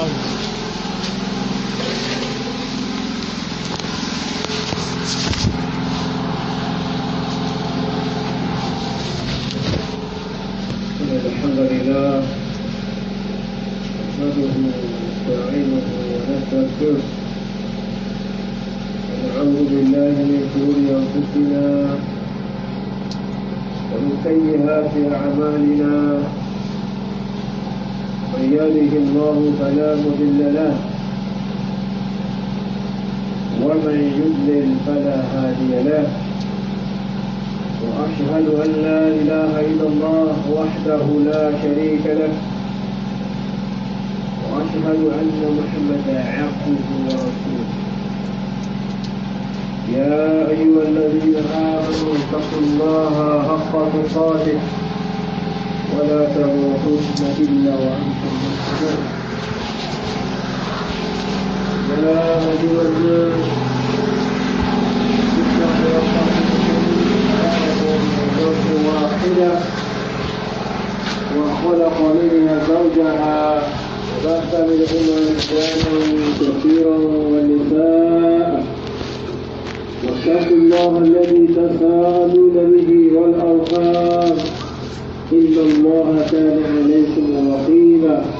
songs. فلا مضل له ومن يضلل فلا هادي له واشهد ان لا اله الا الله وحده لا شريك له واشهد ان محمدا عبده ورسوله يا ايها الذين امنوا اتقوا الله حق تقاته ولا تموتن الا وانتم مسلمون الجلال والجود واحدة وخلق منها زوجها وبعث منهما رجالا كثيرا ونساء واتقوا الله الذي تساءلون به والأرحام إن الله كان عليكم رقيبا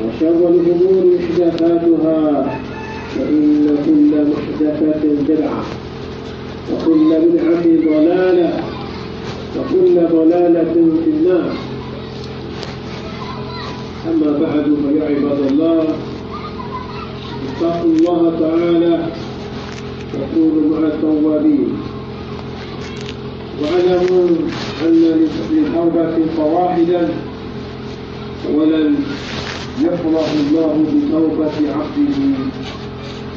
وشر الأمور محدثاتها فإن كل محدثة بدعة وكل بدعة ضلالة وكل ضلالة في النار أما بعد فيا عباد الله اتقوا الله تعالى وكونوا مع التوابين واعلموا أن للحربة قواعدا أولا يفرح الله بتوبة عبده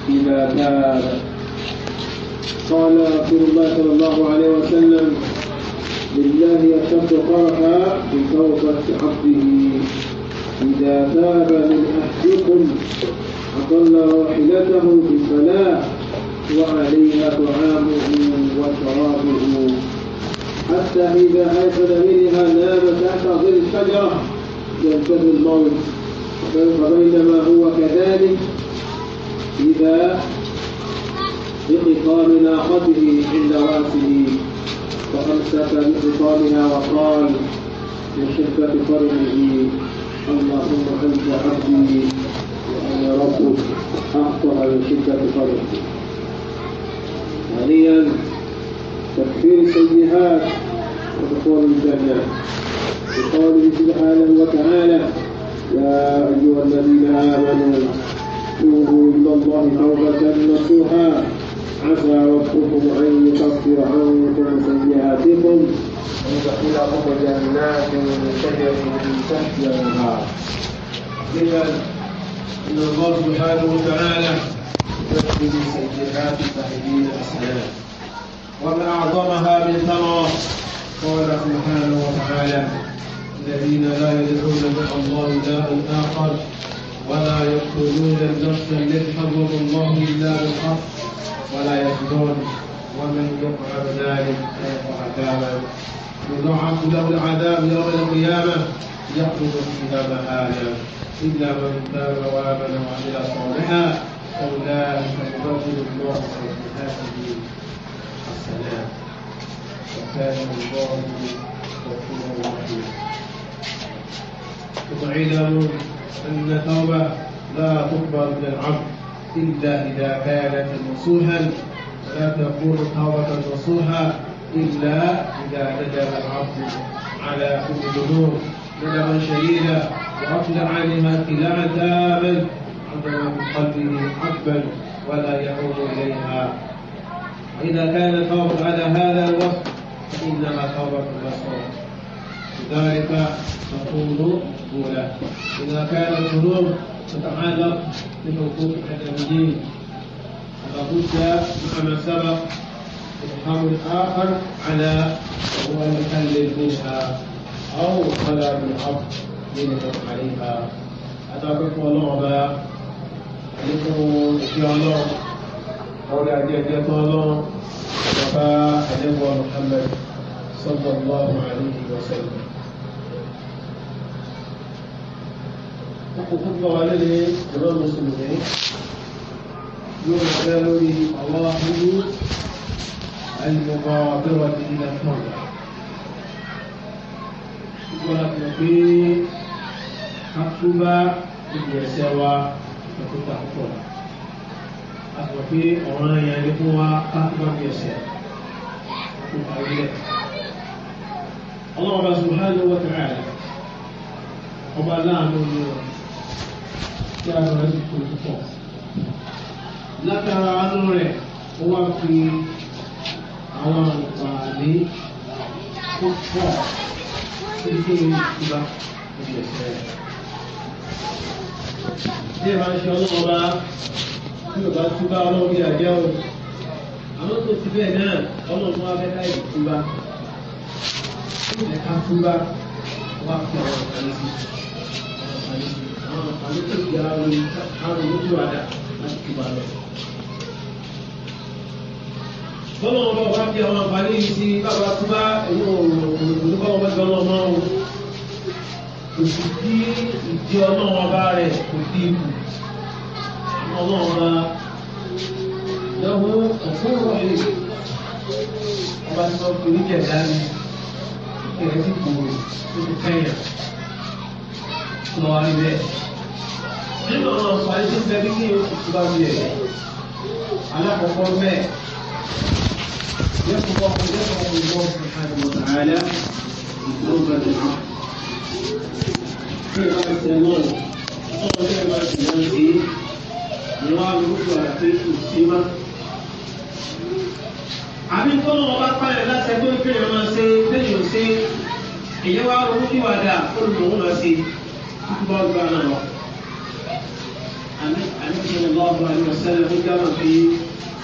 إذا تاب قال رسول الله صلى الله عليه وسلم لله أشد فرحا بتوبة عبده إذا تاب من أحدكم أقل راحلته بالصلاة وعليها طعامه وشرابه حتى إذا أيقظ منها نام تحت ظل الشجرة ينتهي الموت فبينما هو كذلك إذا بخطام ناقته عند رأسه فأمسك بخطامها وقال من شدة كرمه اللهم أنت عبدي وأنا ربك أخطأ من شدة كرمه ثانيا تكفير السيئات ودخول الجنة بقوله سبحانه وتعالى يا أيها الذين آمنوا توبوا إلى الله توبة نصوحا عسى ربكم أن يكفر عنكم سيئاتكم ويدخلكم جنات تجري من تحتها الأنهار إذا إن الله سبحانه وتعالى يكفر سيئات صاحبي الأسلام وما أعظمها من ثمرة قال سبحانه وتعالى الذين لا يدعون مع الله إلها آخر ولا يقتلون النفس التي الله إلا بالحق ولا يزنون ومن يفعل ذلك فيقع عذابا يضاعف له العذاب يوم القيامة يأخذ الكتاب هذا آية. إلا من تاب وآمن وعمل صالحا فأولئك يبدل الله سيئاته حسنات وكان الله غفورا رحيما وعلم أن التوبة لا تقبل من العبد إلا إذا كانت نصوحا ولا تكون توبة نصوحا إلا إذا ندم العبد على كل ذنوب ندما شديدا وأقلع عنها اقلاعا تاما عندما من قلبه حبا ولا يعود إليها إذا كان التوبة على هذا الوقت إنما توبة نصوحا ذلك تقول مقبولة إذا كان الذنوب تتعلق بحقوق الأمين فلا بد مع ما سبق إبهام الآخر على وهو المكلف منها أو طلب الحق يجب عليها أتعرف ولعبة يكون إشياء ọ̀rẹ́ àjẹjẹ tó ọlọ́run ọba وفاء محمد صلى الله عليه وسلم kókòkókò wa lónìí ìran mùsùlùmí yóò máa dá lórí àwọn aburú àìmọ̀gbà abẹ́wà ti ní ẹ̀fọn. Gbogbo àti pé a tún bá ìlú ẹ̀sẹ̀ wa ẹ̀kọ́ta púpọ̀. A sọ pé ọ̀ràn yẹn ni fún wa ká tún bá ìlú ẹ̀sẹ̀ tó parí lẹ̀ ọlọ́run bá subhanahu wa ta'ala ọba láàánú ni wọn tí a rọra ti tóbi pọ̀ látara àánú rẹ̀ ó wá fi àwọn àǹfààní tó pọ̀ sí ilé ìtura ìgbésẹ̀ rẹ̀. bí ìwà ṣe ọlọ́run bá tí túbá ọlọ́run àjẹ́ o àwọn tó ti bẹ́ẹ̀ náà ọlọ́run wá fẹ́ ká ẹ̀ka túbá wà fún àwọn ọ̀kàlẹ́sì àwọn ọ̀kàlẹ́sì ti àwọn àwọn olójúwàdà láti túbà lọ. bọ́lá wọn bá wà bí àwọn àǹfààní yìí sí bàbá túbá ẹ̀yìn òòrùn bá wọn bá gbọ́ ọmọ wọn kò sì kí ìdí ọlọ́wọ́n bá rẹ̀ kò dé ibù ọlọ́wọ́n bá lọ́wọ́ ọ̀fọ́ ìwọ̀n ọba tí wọ́n fi oníjẹ̀ dání ìrẹ́ sì kòrò tó ti fẹ́ yàn kó máa wá rí bẹ́ẹ̀. nínú ọ̀nà àǹfààní tó ń bẹ bí kéèyàn kò tó bá rí rẹ̀ alákọ̀ọ́kọ́ bẹ́ẹ̀ yẹ́pọ̀ bọ́ yẹ́pọ̀ bọ́ ìwọ ìfàdùn ọ̀tàrà ìgbó gbàdùn náà. kí ìbá tẹ náà ọ̀rọ̀ tẹ́ ìbá tẹ̀ náà sí ìwọ́n àlùkò àti àbí tọ́lọ́ wọn bá pààyàn láti ẹgbẹ́ ìfẹ́ yẹn máa ṣe bẹ́ẹ̀ yóò ṣe èyí wá ronú kí wàá dà olùdókòwò lọ sí àkùbọ̀ ọgbà náà lọ. àmì àmì ṣe lọ́wọ́ ọ̀bọ̀ àmì ọ̀sẹ̀lẹ̀ ló dá pé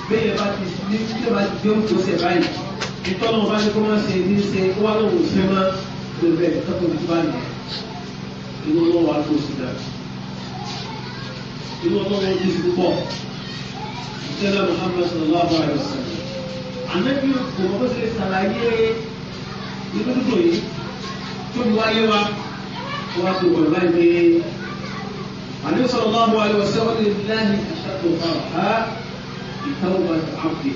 bẹ́ẹ̀ bá ti ní tí bá ti gbẹ́wò tó ṣe báyìí ìtọ́lọ́ wọn bá ní kó má ṣe ní ṣe kó wá lóhùn ṣe má gbogbo ẹ̀ tọ́kọ̀ tó bá inú ọlọ́wọ́ á tó ànábì kò mọ bó ṣe ṣàlàyé inú dúdú yìí tó bu ayé wa tó wá tó wọlé báyìí pé ànábì sallallahu alaihi wasallam láàyè aṣáájú ọ̀há ìtawọ́ bá ti àpè.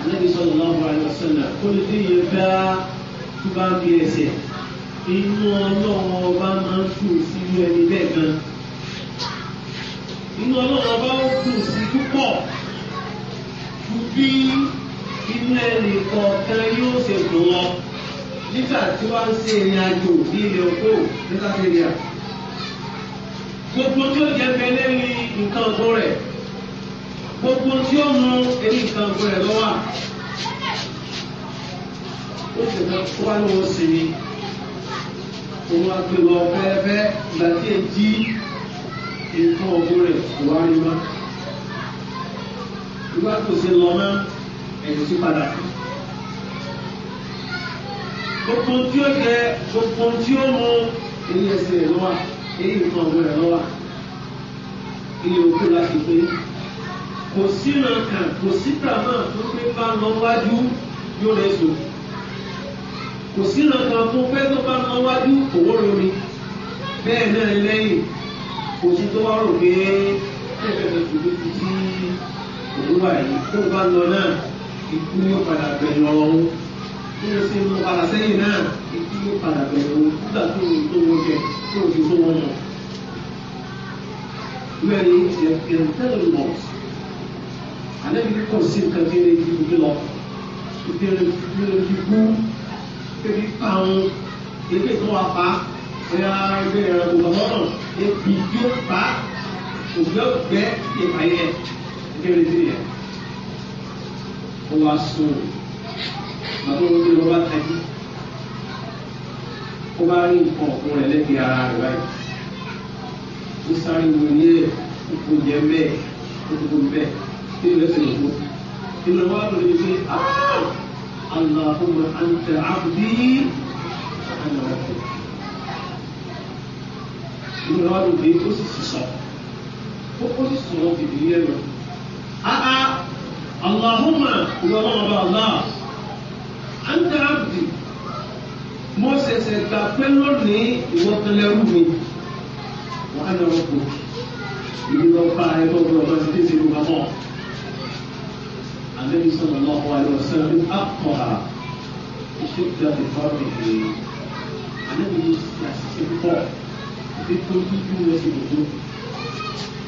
ànábì sallallahu alaihi wasallam kó lè dé yẹn bá tó bá ń bí ẹsẹ̀ inú ọlọ́run ọba máa ń sùn sínú ẹni bẹ́ẹ̀ gan. inú ọlọ́run ọba ó sùn sí púpọ̀ bí inú ẹnì kọ̀ọ̀kan yóò ṣe dùn wọn nígbà tí wọ́n ń ṣe ìrìn àjò ní ilẹ̀ òkú ní nàìjíríà. gbogbo tí ó jẹ́ bẹ́lẹ́ ní nǹkan ọ̀gbọ́n rẹ̀ gbogbo tí ó mú ẹni nǹkan ọ̀gbọ́n rẹ̀ lọ́wọ́ ó sì lọ wá ní wọn sì ni òun àgbèrò ọ̀fẹ́ ẹ̀fẹ́ ìgbà tí ẹ jí nǹkan ọ̀gbọ́n rẹ̀ wá rí wọn ìgbà tó ṣe lọ mọ́ ẹ̀yìn sí padà. gbogbo tí ó jẹ gbogbo tí ó mu ilé ẹsẹ̀ rẹ̀ lọ́wọ́ èyí nǹkan ọ̀gbìn rẹ̀ lọ́wọ́ ilé òkú láti pé kò sí nàkàn kò sí tàmà tó pé bá lọ wájú yóò lè so kò sí nàkàn tó pé tó bá lọ wájú òwò lórí bẹ́ẹ̀ náà lẹ́yìn kò sí tó wá rò pé ẹ̀ẹ́dẹ̀ẹ́dẹ̀ kò fi sí tó wà yìí tó bá lọ náà ikú yóò padà bẹ̀ lọ́wọ́ tó o sì lọ padà sẹ́yìn náà ikú yóò padà bẹ̀ lọ́wọ́ nígbà tó o tó wọ́n jẹ tó o fi tó wọ́n mọ̀. Wẹ́ẹ̀ni ẹ̀ẹ́dẹ́gbẹ̀rún mọ̀ọ́sì àlẹ́bí kò sí nǹkan tí ó ti gbé lọ ìdílé ìdílé ti kú ebi pa àwọn ebi tó wà pa ẹ̀yà ẹgbẹ́ ẹ̀rọ ìgbàlọ́rùn ebi yóò pa ògbẹ́ ògbẹ́ ìpàyẹ̀ kékeré sí yẹn ó wá sùn màtó ló dé lọ́ba tají ó bá rí nǹkan ọ̀kun rẹ̀ lẹ́gbẹ̀ẹ́ ara rẹ̀ báyìí ó sáré wo ní ẹ̀ kókó jẹ bẹ́ẹ̀ kókó bẹ́ẹ̀ kí ni lẹ́sìn lọ́wọ́ ìlú wa Allahumma anta abdi ana rabbuk ìlú wa ló lè fi ó sì sọ ó sì sọ̀rọ̀ fìdí yẹn àá Allahumma ìwọ́lọ́wọ́ bá Allah anta abdi mo ṣẹ̀ṣẹ̀ gbà pé lónìí ìwọ́tẹ̀lẹ́rù mi wọ́n á lọ́wọ́ kù ìdí lọ bá ẹ tó gbọ́dọ̀ bá ti tẹ̀sí ìlú bàbọ̀ Ànábì sallallahu alaihi wasallam akọ̀ha iṣẹ́ ìjọba ìfọ́ọ̀mù ìgbìyànjú Ànábì yìí ṣe àṣìṣe pọ̀ nítorí bí wọ́n ṣe lòdó.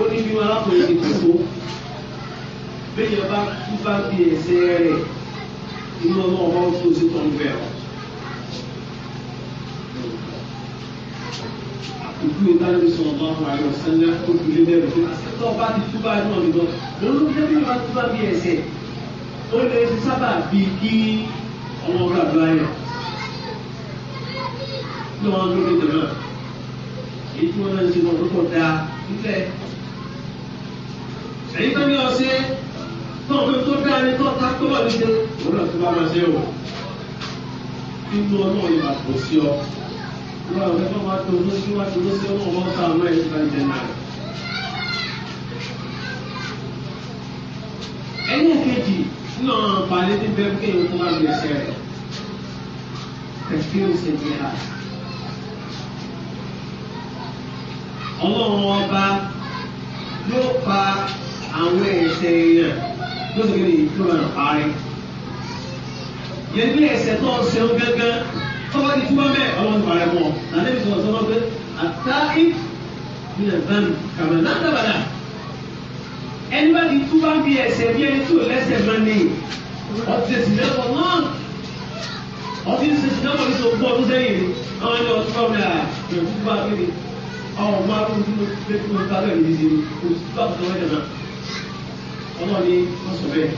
ó ní bí arákùnrin ti kú kó bẹ́ẹ̀ bá kú bá fi ẹsẹ̀ rẹ̀ inú ọmọ ọmọ tó ṣe tó ń bẹ̀ ọ́. Ìlú ìdájọ́ sọ̀rọ̀ bá wà lọ sẹ́lẹ̀ tó fi lé bẹ́ẹ̀ rẹ̀ tó bá ti tú bá inú ọ̀dọ́. Mo ló dé bí wàá tú bá bí ẹsẹ̀. Ó lè ṣe sábà bíi kí ọmọ ọ̀gá àdúrà yẹ̀. Ní wọn ló dé tẹ̀lé. Èyí tí wọ́n náà ń ṣe lọ́dún tó dáa nílẹ̀ èyí tó ní ọ ṣe tọ́ọ̀tù tó dá ẹni tó ta tó wà níṣẹ́ òun náà tó bá máa ṣe o nínú ọlọ́ ìgbà kò sí ọ wọn àwọn ẹgbẹ́ wa tó ló sí wá tó sí ọlọ́run wọn ká àwọn ẹ̀yìn ká jẹ náà. ẹni kejì nínú àwọn àǹfààní bẹ́ẹ̀ pé èèyàn tó bá lè ṣe rẹ̀ kẹ̀kẹ́ òsè ní ha. ọlọ́run ọba yóò pa àwọn ẹ̀ṣẹ̀ èèyàn ló ti kéde ìlú náà parí. yẹn ní ẹ̀ṣẹ̀ tó ń ṣe ń gángan tọ́wọ́ ti túbọ̀ bẹ́ẹ̀ ọlọ́run parẹ́ mọ́ àti ẹ̀ṣẹ̀ tó ń sọ pé àtà if ní ẹ̀dán kàmẹ́ ládàbàdà ẹni bá ti túbọ̀ bí ẹ̀ṣẹ̀ bí ẹni tó lẹ́ṣẹ̀ máa ní ọtí ẹ̀sìn lẹ́kọ̀ọ́ náà ọtí ẹ̀sìn lẹ́kọ̀ọ́ ní ọdún sẹ́yìn àwọn ẹni ọtí bá wọn ọmọ arúgbó ọlọ́run ní oṣù bẹ́ẹ̀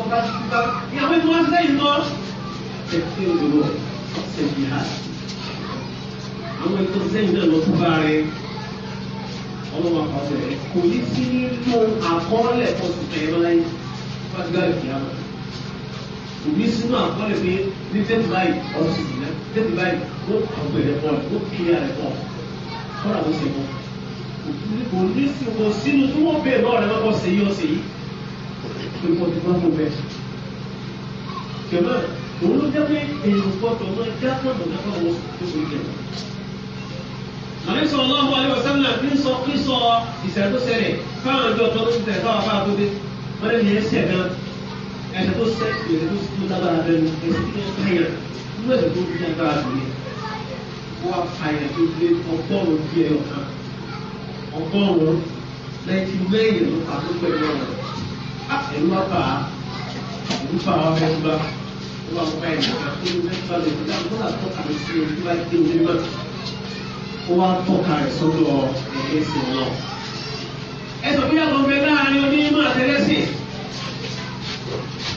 ọba ṣùgbọ́n ìyàwó tí wọ́n sẹ́yìn lọ ṣètì òdòdó ṣètì ha àwọn ètò sẹ́yìn náà lọ fún bára rẹ ọlọ́run àpàṣẹ rẹ kò ní sí nínú àkọọ́lẹ̀ tó ti tẹ̀ ẹ́ láyé wọ́n ti gbàgbé ìyá wọn kò ní sínú àkọọ́lẹ̀ pé ní tẹ́tù báyìí ọ̀rọ̀ sì dì náà tẹ́tù báyìí ó àgbẹ̀rẹ̀ kò ní kò sínú tí wọ́n bèèrè lọ́wọ́ rẹ̀ lọ́kọ̀ sí yíyọ́ sí yìí pé wọ́n ti máa mú bẹ́ẹ̀. jọ̀mọ́ òun ló jẹ́ pé èèyàn gbọ́dọ̀ máa já pọ̀nà lọ́wọ́ wọn tó so jẹ̀. àlẹ́sọ̀ ọlọ́run aléwọ̀ sẹ́mìnà kí ń sọ kí ń sọ ìṣẹ̀lẹ̀ tó ṣẹlẹ̀ fáwọn ọjọ́ tó ń tẹ̀ fáwọn afárá tó dé wọ́n lé ní ẹsẹ̀ gan ẹsẹ̀ tó ṣẹ́ ìrẹ̀ tó tó lágbára bẹ́ẹ̀ ẹsẹ̀ tó ń kẹ́yà nínú ẹsẹ̀ tó ń kẹ́yà gbára tó yẹ wọ́n á fa ìrẹ̀ ẹ̀ ọgọ́rùn-ún ninety nine ló ta tó pẹ̀lú ọ̀rọ̀ ẹ̀rú ọ̀pá ẹ̀rú pa àwọn ọmọ ẹgbẹ́ ó máa pa ẹ̀rọ àti ẹ̀rú mẹ́fà lè dá ó máa tọ́ka rẹ̀ sí ojú bá dé ojú náà ó wá tọ́ka rẹ̀ sọ́dọ̀ ẹ̀yẹ sí ọ náà. ẹ sọ bí àgọ́ mẹ́ láàrin onímọ̀ àtẹ́lẹ́sì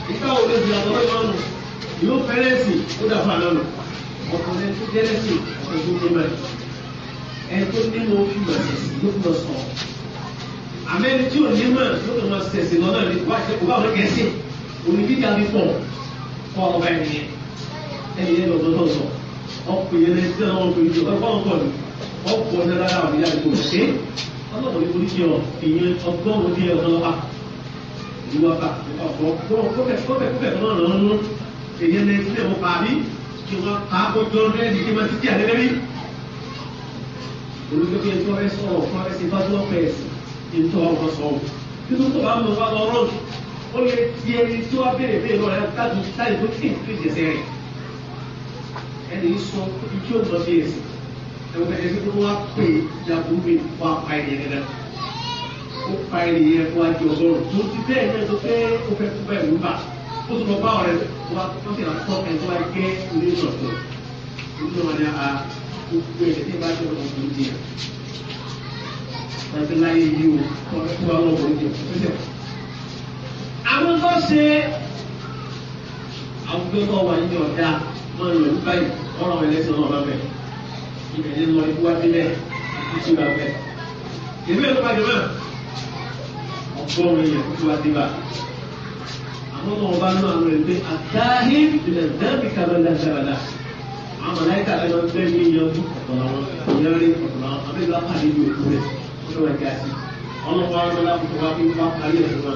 nígbà wo ló di àgọ́ mẹ́fà nù yóò fẹ́lẹ́sì ó dàfà lọ́nà ọkùnrin tó jẹ́lẹ́sì ọkùnrin tó jẹ́ mẹ́rin ẹni tó nínú ìmọ̀ ẹ̀sìn ló fi lọ sọ àmẹ́ni tí ò ní mọ̀ ló fi lọ sẹ̀sìn lọ́nà ní wá ìṣẹ́kù bá wọn gẹ̀ẹ́sì òní bí dàbí pọ̀ kọ́ ọba ẹni yẹn ẹni yẹn lọ́dọ́ tó sọ ọkọ̀ yẹn lẹ́yìn tí wọ́n fi jọ ọkọ̀ ọkọ̀ ni ọkọ̀ ní rárá òní láti kò ṣe ọlọ́pàá ní oríṣi ọ̀ ìyẹn ọgọ́rùn-ún ní ẹ̀rọ ọba ìwà bá ọ̀pọ̀ kọ́bẹ̀kọ́bẹ̀ náà lọ́nà èyí ẹni tí wọ́n pa bí kí wọ́n pa kó jọ rẹ́ẹ̀dì kí wọ́n ti kí àlẹ́ lẹ́rí olùdókè tó ẹ sọ ọ̀fọ̀ ẹ sì bá tó ọ̀fẹ́ ẹ̀sì ní tó ọ̀fọ̀ sọ ọ̀ nínú tó bá ń lọ bá lọ rọ́ọ̀kì ó lè ti ẹni tó wá béèrè béèrè lọ́rẹ́ tájú táyì tó kí ní ìjẹsẹ̀ rẹ̀ ẹni sọ ìjọ lọ sí ẹ̀sìn ẹ̀wọ̀n ẹ̀sì tó wá pè jàpọ̀ mi wá pa ẹ̀yẹ gẹ́gẹ́ ó pa ẹ̀yẹ yẹn fún ajé ọgọ́rùn tó ti gbogbo di ẹ̀. Ẹ̀fẹ̀ láyé yí o, wọ́n fẹ́ kó àwọn ọ̀gbìn di ẹ̀ fún ẹ̀. Àwọn tó ṣe àwùjọ tó wà nínú ọ̀dà máa ń lò ní báyìí, ọ̀rọ̀ ẹlẹ́sìn náà bá bẹ̀. Ibẹ̀ ni lọ ikú wá délẹ̀, ikú tí wà bẹ̀. Ìlú ẹ̀ tó bá jẹ náà, ọgọ́rùn-ún yẹn kú tí wá dé bá. Àmọ́ ọmọ ọba náà lọ rẹ̀ pé àtàhí ìlẹ̀ dẹ́bì kàlọ́ àwọn mọ̀láìkà lẹ́nu ọdún ní yanjú ọ̀tọ̀lá wọn ìyanrí ọ̀tọ̀lá wọn àbí ìlú apá nínú èkó rẹ̀ ó lọ́wọ́ ẹ̀ka sí ọlọ́wọ́ ọlọ́wọ́ lápapọ̀ wá bí wọ́n parí ẹ̀ lọ́wọ́.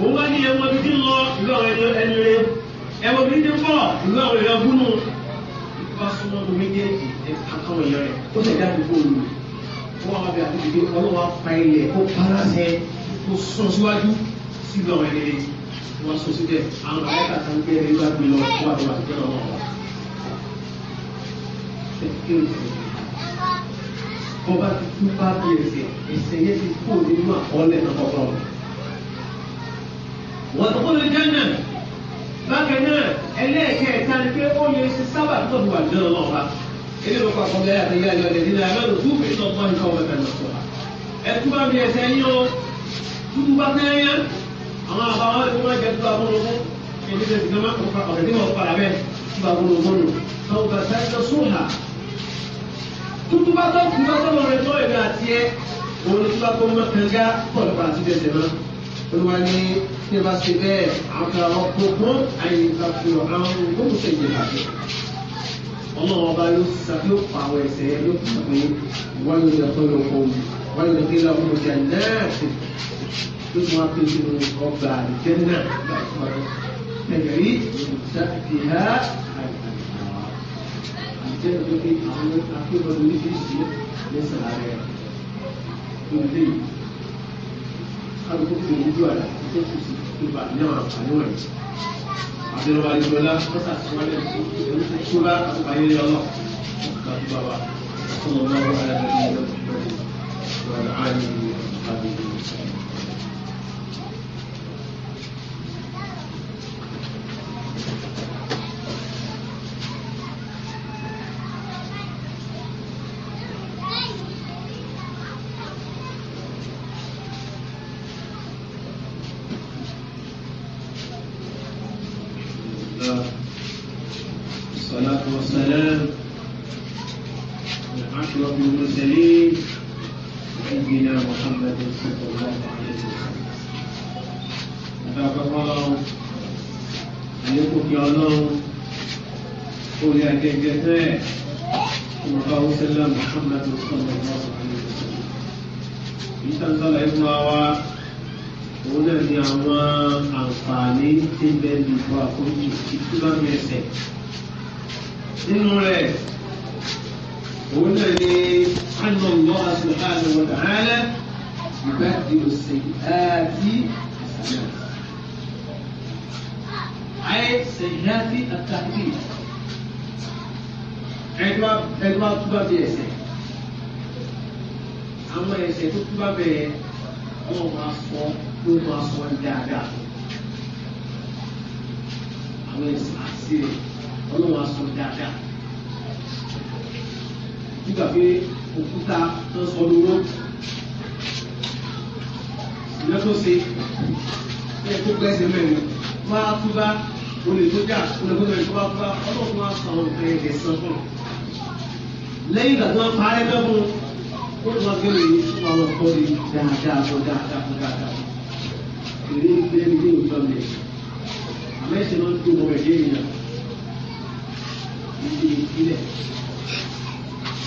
òun wá ní ẹwọ́ bíi ń lọ ìlú àwọn ẹni rẹ ẹwọ́ bíi ń bọ̀ ìlú àwọn èèyàn gúnú bá súnmọ́ ní méjèèjì àtàwọn èèyàn rẹ̀ ó sì dá gbogbo òru ó wà wábi àti ìdílé ọlọ́wọ́ apá ilẹ̀ kó para sẹ́ kó sún síwájú sílùú àwọn ẹni rẹ̀ wọ́n sún síbẹ̀ àwọn mọ̀láìkà kan gbé ẹni wá gbé lọ wá lọ́wọ́ àti security mo bá ti tú bá bí ẹsẹ̀ ẹsẹ̀ yẹn ti kú nínú àkọọ́lẹ̀ náà kọ́kọ́ mi. wọ́n tó kọ́lé jẹ́nà bákan náà ẹlẹ́ẹ̀kẹ́ẹ̀ta ni pé ó lè ṣe sábà tó bu àjọ náà wá. ilé ìwé pàṣẹ ọ̀gá àti ilé ayọ̀ ẹ̀dínlẹ̀ àgbẹ̀rún tó fi sọ fún ẹ̀kọ́ ọ̀gá náà sọ̀rọ̀. ẹ tú bá bí ẹsẹ̀ yín o tú bá tẹ́yẹ àwọn àbáwọn ẹ̀kọ́ máa jẹ́ tó bá bọ́ tọ́wọ́ sáyẹ́tọ̀ súnà tuntun bá tó kú bá tó lọ rẹ tó ẹ̀mí àti ẹ òun ni tíba tó mọ kanga pọ̀lú bá bẹ̀rẹ̀ mọ́ olùwà ni tí a bá ṣe bẹ́ẹ̀ àkàrà gbogbo àyè ìgbàgbọ́ àwọn gbogbo ṣèjì bàjẹ́ ọlọ́run ọba yóò sàbí ó pa àwọn ẹ̀ṣẹ̀ yẹn yóò fún mi wọ́n yóò yẹ fún ọkùnrin wọ́n yóò fi lọ fún ọjà náà sí ló tún wá pé sínú ọgbà àdìjẹ́ náà gbà ìfọ̀rọ̀ ẹ̀gẹ̀rí ìṣàkìhá jẹ́ ọjọ́ pé àwọn akéwọ́n oríṣiríṣi lẹ́sẹ̀ ara ẹ̀ fún ilé yìí kálukú fi ojú àlà tó kù sí ìgbà náà àǹfààní wọ̀nyí. àbẹ̀rẹ̀wà ìjọba kọ́sà tí wọ́n lè fún ìlú tó tó bá àgbáyé lọ́wọ́ láti bá wa fún ọmọ wa láti bá wa láti bá wa láti bá wa. kí ọlọ́run orí agẹgẹ bẹ́ẹ̀ ọmọba wúsẹ́lá muhammadu sallallahu alaihi wasallam yìí sàǹsàlà ìfún wa òun náà ní àwọn àǹfààní tí ń bẹ nìbọ àkójì ìtura mẹsẹ̀ nínú rẹ̀ òun náà ní Allah subhanahu wa ta'ala ìbá ìrọ̀sẹ̀ ayé sèyíyáàtì àtàkì ẹgbà ẹgbà túbà bí ẹsẹ àwọn ẹsẹ tó túbà bẹ́ẹ̀ wọn máa fọ ló máa fọ dáadáa àwọn ẹsẹ àti rẹ wọn ló máa sọ dáadáa nígbà pé òkúta tó sọ lóró ìyẹn tó ṣe ẹ tó gbẹ́sẹ̀ mẹ́rin máa túbà. omi tó dà ní ọgbọ́n ẹ̀kọ́ apá ọlọ́run á sọ àwọn nǹkan ẹ̀jẹ̀ san fún un. lẹ́yìn ìgbà tí wọ́n parẹ́ dọ́gbọ́n ó tún wáá gbẹ̀rẹ̀ yìí fún àwọn ọ̀pọ̀ rí dáadáa sọ dáadáa fún dáadáa. èrè ń bẹ ní òótọ́ mi àmẹ́sẹ̀ máa ń tó ọmọ ẹ̀jẹ̀ yẹn níbi ìpínlẹ̀.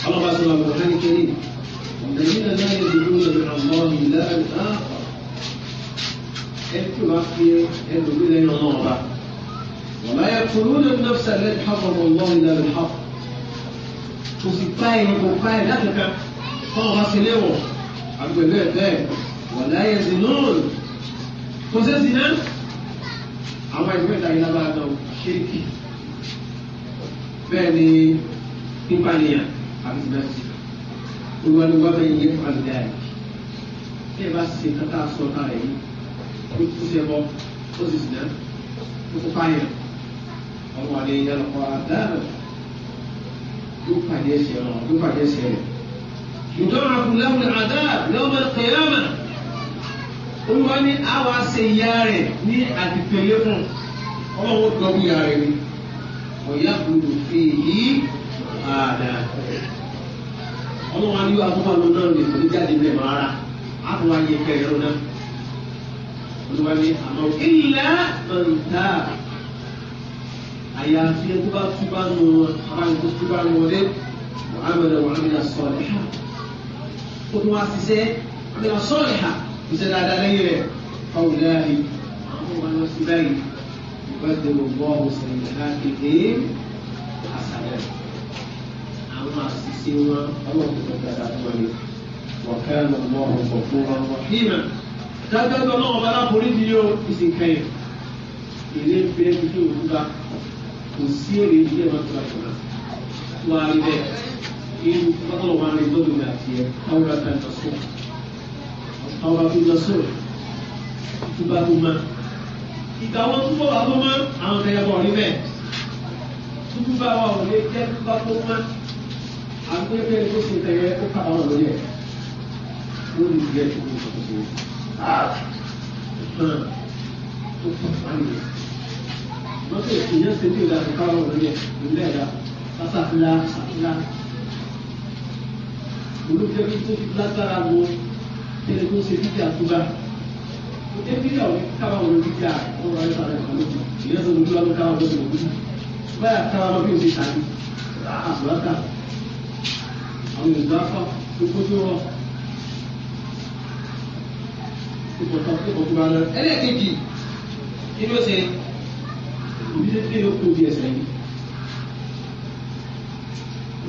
ọlọ́ba sọ àwọn ọ̀rẹ́ kéré ọ̀dẹ̀yìn náà láyé ìdúró lọ́dọ̀ àmọ́ ìlà ẹ̀ وما يقتلون النفس التي حرم الله إلا بالحق kò sì pa ẹ̀yìn kò pa ẹ̀yìn láti kan fọwọ́ bá ṣe léwọ̀ àgbẹ̀lẹ̀ bẹ́ẹ̀ wọ̀ láyé sí lóòrùn kò ṣe sí náà àwọn ìwé ìdáyé lábára náà ṣéèkì bẹ́ẹ̀ ni pípànìyàn àti bẹ́ẹ̀sì olúwa ni wọ́n bẹ́ẹ̀ yẹ pàdé àyè bí ẹ bá ṣe kátà sọ̀tà rẹ̀ yìí ó ti ṣe bọ́ ó sì sì náà ó kó pààyàn ọmọ àlẹ́ ìdálọ́kọ̀ àdáàbẹ̀ yóò pàdé ẹsẹ̀ ọ̀nà yóò pàdé ẹsẹ̀ rẹ̀. ìjọba fúnlẹ́mù àdáàb lọ́wọ́ kẹyàmà olùwà ní àwa ṣe ìyá rẹ̀ ní àdìpẹ̀lẹ́ fún ọmọ wọn tó ọmọ ìyá rẹ̀ ni ọ̀yá gbọdọ̀ fi yí àdá. ọmọ wa ní yóò àkókò àwọn náà lè fún jáde bẹ́ẹ̀ máa rà á fún wa yẹ kẹrẹ ọ̀nà olùwà ní àmọ́ ìlà ọ̀ntà àyàfi ẹni tó bá tú bá nu wọn àbáyọ tó tú bá nu wọn dé wàhálà wàhálà sọ̀rọ̀ ẹ̀hà ó tún wá ṣiṣẹ́ àbẹ̀rẹ̀ sọ̀rọ̀ ẹ̀hà ṣiṣẹ́ dáadáa lẹ́yìn rẹ̀ fáwọn ìlànà àwọn ọmọ lọ sí báyìí ìbádẹ́wò bọ́ọ̀lù sẹ̀yìn káàkiri àṣàlẹ̀ àwọn àṣìṣe wọn ọlọ́run tó dáadáa fún wọn wọ̀kẹ́rù ọlọ́run kò fún wọn wọ́n hímà dájọ́ ọlọ́run bá lápò orí ti yóò ìsìnkẹyìn ìlé ń bẹ́ẹ̀ tó tó òwúrọ̀ kò sí èrè ilé wọn tó àjọ wá rí bẹ́ẹ̀ irú bọ́tọ̀lọ̀ wọn rí lọ́dún mi àti ẹ̀ ọ̀rọ̀ àti àjọsọ ọ̀rọ̀ àti àjọsọ tó bá tó má ìgbà wọn tó bọ̀ wá tó má àwọn ọ̀rẹ́ bọ̀ rí bẹ́ẹ̀ tuntun bá wà wọlé jẹ́ tó bá tó má àgbẹ̀bẹ̀ tó ṣe tẹ̀yẹ ó kà wọn lórí ẹ̀ wọ́n lè jẹ́ tó ń sọ̀tọ̀ sí i wọ́n sì ìyẹn ṣe tí ìlà ìka ọ̀rọ̀ yẹ ìlú ẹ̀dá sásàfilà sàfilà olùjẹ́ kí tó fi lágbára wọ tẹ́lẹ̀ tó ṣe fídíà tó bá ó jẹ́ fídíà òní káwọn ọ̀rọ̀ fídíà ọ̀rọ̀ ayé sàrẹ̀ kan lójú ìyẹn sọ lójú lọ́dún káwọn ọ̀rọ̀ lójú báyà káwọn ọ̀rọ̀ bí òde tàbí immediately no two years lẹ́yìn.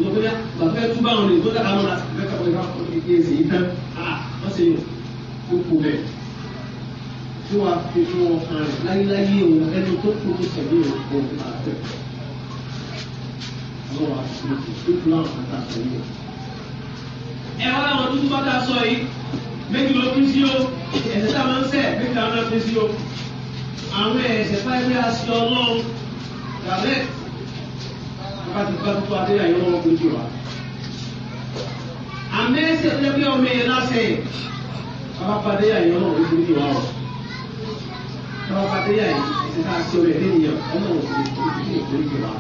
lọ́kọ́yà bàbá tún bá wọn lè tó dára lọ́la bẹ́ẹ̀ kọ́ ìwà kékeré sí i tán a ah, ṣe kókó rẹ̀ tí wàá fi fún wọn kan rẹ̀ láyéláyé òun ẹnu tó kú tó tẹ̀lé òun kò ní máa tẹ̀. àwọn wàá fi fún fún àwọn kan tá a tẹ̀lé o. ẹ wá àwọn dúdú bá ta sọ yìí méjì ló pín sí o ẹ̀sẹ̀ tá a máa ń sẹ̀ méjì làwọn náà pín àwọn ẹ̀ṣẹ̀ fáyẹ́fẹ́ àti ọlọ́run dàbẹ́ láti bá tó adéyà yọ wọn kojú wa. àmì ẹ̀ṣẹ̀ tó yẹ kí ọmọ yẹn lásẹ̀ bàbá padé yà yọ wọn kojú wa o. bàbá padé yà yìí ẹ̀ṣẹ̀ tá a ṣe ọmọ ẹ̀dẹ́ nìyẹn ọmọ wọn kò ní kó ní kó wa.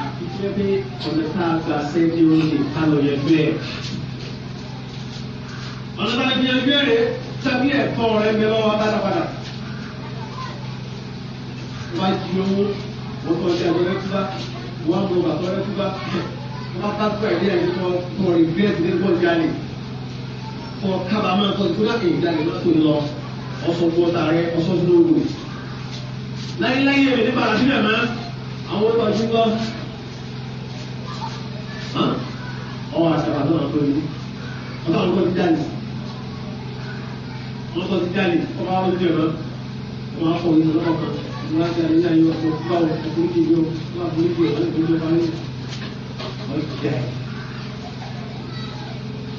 àti tí bí ọ̀nà tá a gbà sẹ́ni oúnjẹ kálọ̀ yẹn bẹ́ẹ̀. ọ̀nà tá a gbìyànjú ẹ̀rẹ́ tàbí ẹ̀kọ́ rẹ̀ ń bẹ lọ́wọ́ fáìtì owó wọ́n tọ́ sí àjọ rẹ́kúbá wọ́n ń gbọ́ bàtọ́ rẹ́kúbá wọ́n bá pẹ̀ ní ẹ̀mí kan kan regret ní bọ́ọ̀lù jalè kan kábàámọ̀ kan tó láti ìjalè má tó lọ ọ̀sọ̀ fún ọ̀tà rẹ ọ̀sọ̀ fún owó láyéláyé rẹ̀ nípa àdúrà mọ́ àwọn ọ̀tọ̀ ti lọ ọwọ́ àtàbàtàn àpò ìlú ọ̀tọ̀ àwọn ọ̀tọ̀ ti jalè ọ̀tọ̀ ti jalè ọba ọ̀tọ̀ ti jẹ̀ mọ́ ọba ọ̀tọ̀ wọn ṣe àríyá yìí wọ́n fọ́ báwo ẹ̀kún kì í yọ wọ́n àbúrò kì í wọ́n ẹ̀kún jọba ní ọjà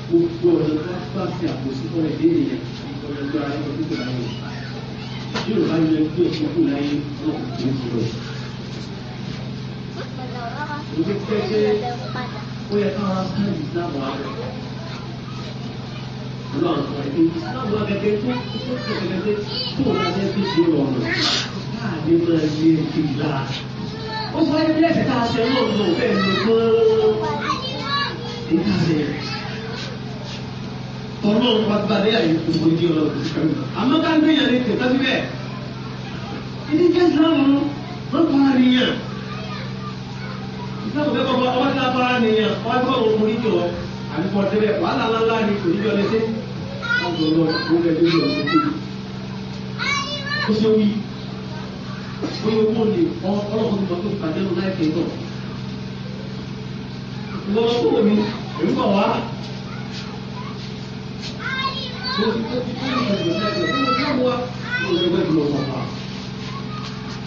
gbogbo ọ̀dọ́ tó bá ṣe àkóso ọ̀rẹ́ dé nìyẹn ọ̀rẹ́ tó ara ẹ̀kọ́ tó tẹ̀lé ayọ̀ yóò bá yẹ kí ẹ̀kọ́ kù láyé náà kò ní lọ. Ìgbé kẹ́kẹ́ ó yẹ káwọn fún ìsìlámù àbẹ̀. Ọlọ́run ọ̀rẹ́ tó ìsìlámù àbẹ̀kẹ́ tó tó tẹ̀lé tó wà lẹ́sìn ìṣòro ọ̀rọ̀ káàdé máa yé èyí lára ó sọ ẹbí ẹsẹ̀ tá a ṣe náà lọ bẹ́ẹ̀ ló mọ́ èyí tá a ṣe rẹ̀ tọ́lọ́ pàtàkì àyè gbogbo ìdí ọlọ́run àmọ́ ká ń gbìyànjú ní tètè bíbẹ̀ ìdí jẹ́ ìsìlámù wọ́n fara nìyàn ìsìlámù bẹ́ẹ̀ kọ́ ọba tí a fara nìyàn wọ́n á gbọ́ òun mú níjọ àbíkọ́ débẹ̀ wàhálà ńláńlá ni kò níjọ lẹ́sẹ̀ wọ́n gbọ́ lọ wọ́n bẹ́ẹ̀ lórí ọ̀sẹ̀ kébì ó ṣe wí bóyá owó lè fọ́ ọlọ́run tó tó pàdánù láìpẹ́ náà. wọ́n tó wò mí èmi kàn wá. mo ti tó ti tó ní ìgbàgbọ́ láìpẹ́ fún mi káwọ́ wa ní ọ̀rẹ́ wẹ́ẹ̀dì lọ́wọ́ pa.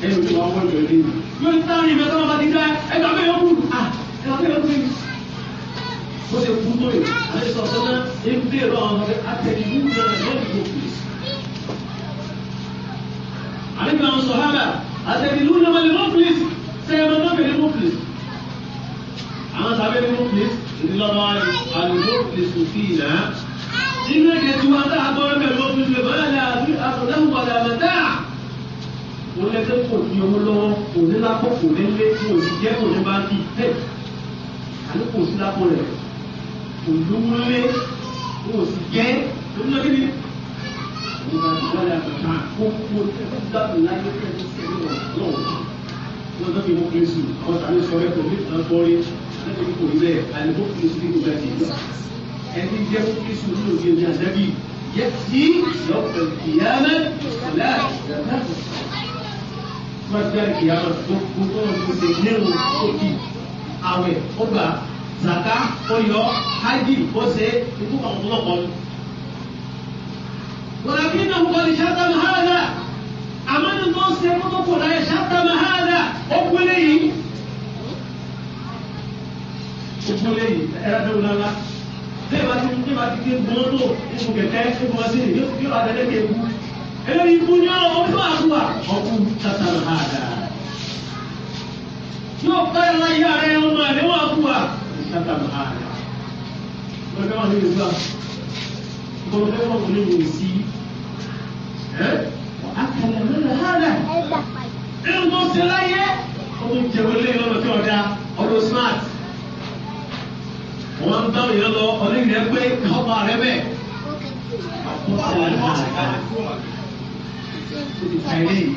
ẹnu tí wọ́n wọ́n jọ ilé mi. yóò ní sáà ní ìgbà tó wọn bá ti dá ẹgbà pé yóò kú ẹgbà pé yóò kú mi. mo ti kú tó yìí àti sọ̀tọ́ náà ń bèrè àwọn ọmọdé àtẹ̀yìnbó náà lẹ́yìn tó kù. àlejò àtẹ̀dìlúnà wọn ni mọ́fìlìsì sẹ́yìn náà bẹ̀rẹ̀ mọ́fìlìsì. àwọn sábẹ́ ní mọ́fìlìsì ńlọ́wọ́ àlùmọ́fìlìsì fi ìlà. nínú èdè tí wọn tá a gbọ́ ẹgbẹ́ mọ́fìlìsì lè bọ́lá ní àtúndáhùn padà mẹ́ta. wọn lè tẹ́ kò ní owó lọ́wọ́ kò ní lápò kò ní lé kò ní jẹ́ kò ní báńkì tẹ̀. àní kò sí lápò rẹ̀ kò lówó lé kò sì jẹ́ wala kan gbogbo gbàgbọ́ láyé pẹ̀lú sẹ́yìn ọ̀rọ̀ wọn tó fi mú kí n sùn wọn tàbí sọ rẹ pẹ̀lú ìtàn bọ́rí láti fi kò ilẹ̀ àlùkò kí n sùn ní ìgbà tí ẹni jẹ́ kó kí n sùn nínú ìgbà àdábì yẹ kí lọ́pọ̀ ìyáálẹ̀ ọ̀la ìyáálẹ̀ máa gbé ìyáálẹ̀ gbogbo tó ń kó ṣe lérò sókè àwẹ̀ ó gbà zaka ó yọ hajj ó ṣe ikú kan ọ̀pọ̀lọpọ̀ ولكنه قد شتم هذا أمان الناس يقول لا شتم هذا أقول لي أقول لي أرى دولا bí ìbá ti bí ìbá ti gé gbọ́n tó oṣù kẹ̀kẹ́ oṣù ọ̀sìn ní kí ọ̀rọ̀ àtẹ̀lẹ́ kẹ̀ wú. eléyìí ibú ní ọ̀rọ̀ ọdún àkúwà ọkùn tata nà áda. yóò ká ẹ̀rọ ayé ara ẹ̀ ọmọ ẹ̀ wọ́n àkúwà tata nà áda. lọ́jọ́ wọn ní ìlú à. ìkọlù fẹ́ wọn kò ní lè sí àkàlà mẹ́rin hànà ẹ̀rọ ṣe láyé ọdún jẹun lé lọ́nà tí ọ̀dà ọdún smart wọ́n ń bá òyìn lọ ọdún yẹn pé ọba rẹ bẹ́ẹ̀ àkọsílẹ̀ hànà ìtàlẹ́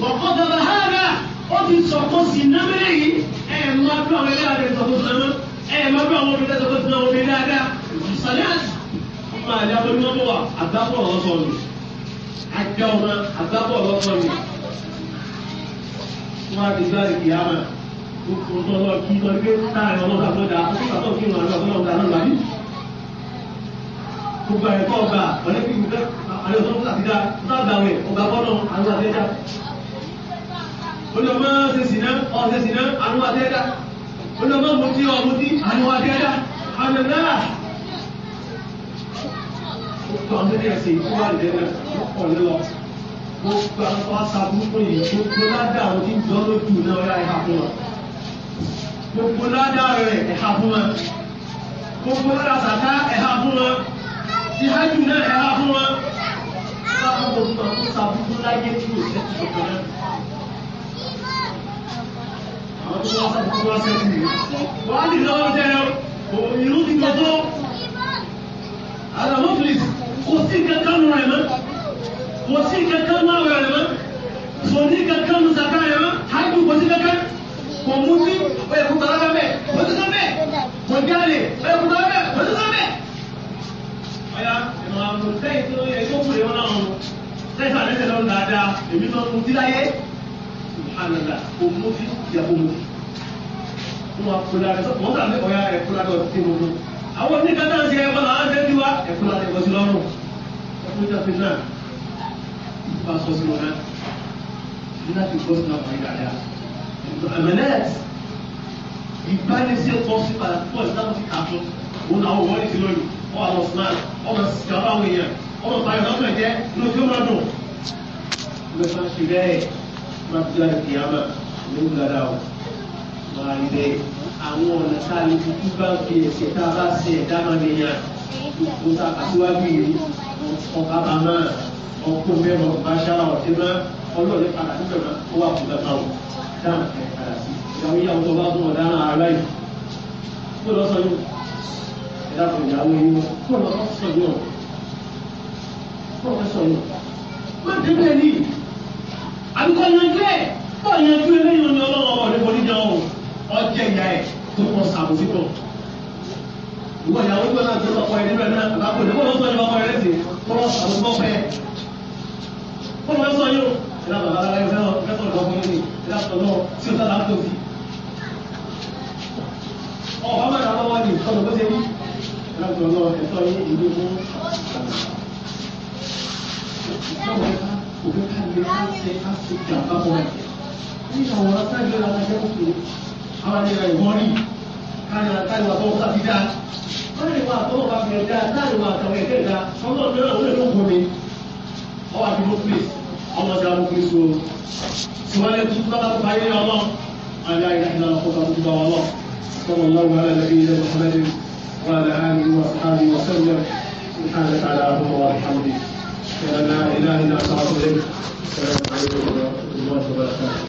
wọ́n kọ́ dọ̀dọ̀ hànà ó sí námẹ́rẹ́ yìí ẹ̀ máa bí àwọn ẹlẹ́yà sí námẹ́ ẹ̀ máa bí àwọn obìnrin sọ̀kọ́ sí námẹ́ obìnrin dáadáa ìsàlẹ̀ máa dá lórí wọn bọ̀ wá àgbábọ̀ ọ̀rọ̀ sọ ni àjọ ọmọ àgbábọ̀ ọ̀rọ̀ sọ ni wọn á ti gbá ìdí àmà gbogbo ọ̀tọ̀ lọ kí lọ gbé táàrin ọlọ́dà tó dáa ó sì pàtó kí wọn àgbàdo ọ̀dà náà wáyé gbogbo ẹ̀kọ́ ọgbà ọ̀lẹ́kì ìgbẹ́ àlẹ́ ọ̀tọ̀ àti dá ọ̀tọ̀ àgbàwẹ̀ ọ̀gá bọ́nà àwọn àtẹ́dá olùdó máa ṣe sìnà ọ̀ṣẹ̀ sìnà àwọn àtẹ́dá olùdó máa mutí ọ̀mutí àwọn àtẹ́dá àlẹ́ náà gbogbo àwọn tẹ́lẹ̀ ẹ̀sìn ìlú wà lẹ́nu ló pọ̀ lọ́wọ́ gbogbo àwọn tó wá fún yìí gbogbo ládàá àwọn tí ń jọ lójú náà ọ̀yà ẹ̀ka fún wọn gbogbo ládàá rẹ̀ ẹ̀ka fún wọn gbogbo ládàá sàká ẹ̀ka fún wọn ti hájú náà ẹ̀ka fún wọn báwo gbogbo àwọn tó sagun fún láyé tí ò sẹ́tù gbogbo náà àwọn tó wá sagun fún wá sẹ́tù yìí wọ́n á lè lọ́wọ́ jẹ́ òun ìlú ti gbogbo àlọ́ mọ́fìlìsì kò sí kankan nù rẹ̀ mọ́ kò sí kankan nù àwẹ̀ rẹ̀ mọ́ kò ní kankan nù sàkà rẹ̀ mọ́ hajj kò sí kankan kò mú sí ẹ̀kú bàbá bẹ́ẹ̀ kò sí kankan bẹ́ẹ̀ kò jáde ẹ̀kú bàbá bẹ́ẹ̀ kò sí kankan bẹ́ẹ̀. ọ̀ya ìmọ̀ àwọn olùsẹ́yìn tó yẹ kó kúrè wọn náà wọn sẹ́sà lẹ́sẹ̀ lọ́nà dáadáa èmi tó mú sí láyé àlàlà kò mú sí ìyàwó mu. wọ́n á kó lára ẹ̀ àwọn oníkan náà ṣe ẹ̀kọ́ làwọn ṣe ti wá ẹ̀kọ́ láti ẹ̀kọ́ sí lọ́rùn ẹ̀kọ́ ìjà fi náà ìfipá sọ sí wọn náà láti gbọ́ sí àwọn ìgbà rẹ̀ àmẹ́lẹ́t ìbánisẹ́pọ̀ sí pàtàkùn ìsáwọn ti kàtó òun àwọn òwò ìtì lónìí ọmọ àwọn ọ̀sán ọmọ sísè ọmọ àwọn èèyàn ọmọ pàrọ̀ ọmọ ẹ̀jẹ̀ ló fi máa dùn. ìwé máa ṣe bẹ́ẹ̀ máa fi láti àwọn ọ̀nà tá a lè fi kú bá ń fi ẹ̀ṣẹ̀ tá a bá ṣe ẹ̀dá máa lè yàn gbogbo ta àtiwájú yìí ọba bàmá ọkọ mẹ́rọ bàṣára ọ̀tẹ́má ọlọ́ọ̀lẹ́ padà níbẹ̀ máa ó wà fún bàbá wọn dáhùn ẹ̀ padà sí ìyàwó ìyàwó tó bá fún ọ̀daràn ara yìí kó lọ sọ yóò ẹ̀dá fún ìyàwó yìí kó lọ sọ yóò kó lọ sọ yóò má débẹ̀ ní àbíkọ́ yanjú ẹ̀ bọ́ọ̀ yanjú ẹ̀ lẹ́yìn ọ̀nà ọjẹ́ ìyá ẹ̀ tó kọ́ sàbòsí ìwọ ìyàwó ìgbà náà tó lọ kọ́ ẹ níbẹ̀ náà àbáko ìdíwọ́ ló sọ ní ọkọ rẹ ti kọ́ lọ sàbòsí pọ̀ fẹ́. ìlà bàbá aláyé fẹ́ lọ fẹ́ sọ̀rọ̀ ọkùnrin ni ìlà sọ̀rọ̀ tí ó sára tó fi. ọ̀pá mẹ́ta lọ́wọ́ ni ìtọ́jú bó ṣe rí ìlà sọ̀rọ̀ ẹ̀tọ́ yín ìlú fún òfin ká lè ká ṣe ká ṣe jàmbá mọ́ ẹ̀. nígbà wọn sáyé ọ̀la ṣẹ́ àwọn àti ẹ̀rọ ìwọ́n rí káyọ̀ táyọ̀ àtọ́wọ́ sáfi dáa wọ́n lè wà àtọ́wọ́ bá fi ẹ̀dá táyọ̀ àtàwọn ẹ̀dá ẹ̀dá ọlọ́run náà ó lè ló kún mi ọwọ́ àti mo pè ọmọ ọjà mo pè so tìwálé tó bá bá parí ọlọ́ àbí àyè àti àwọn ọkọ̀ tó bá wà lọ sọ́mọ lọ́wọ́ alẹ́ lẹ́bí ilẹ̀ mọ̀sálẹ́dẹ́ wà á lẹ́ àmì wà á lẹ́ wà sẹ́lẹ̀ سبحانك اللهم وبحمدك لا اله الا انت استغفرك السلام عليكم ورحمه الله وبركاته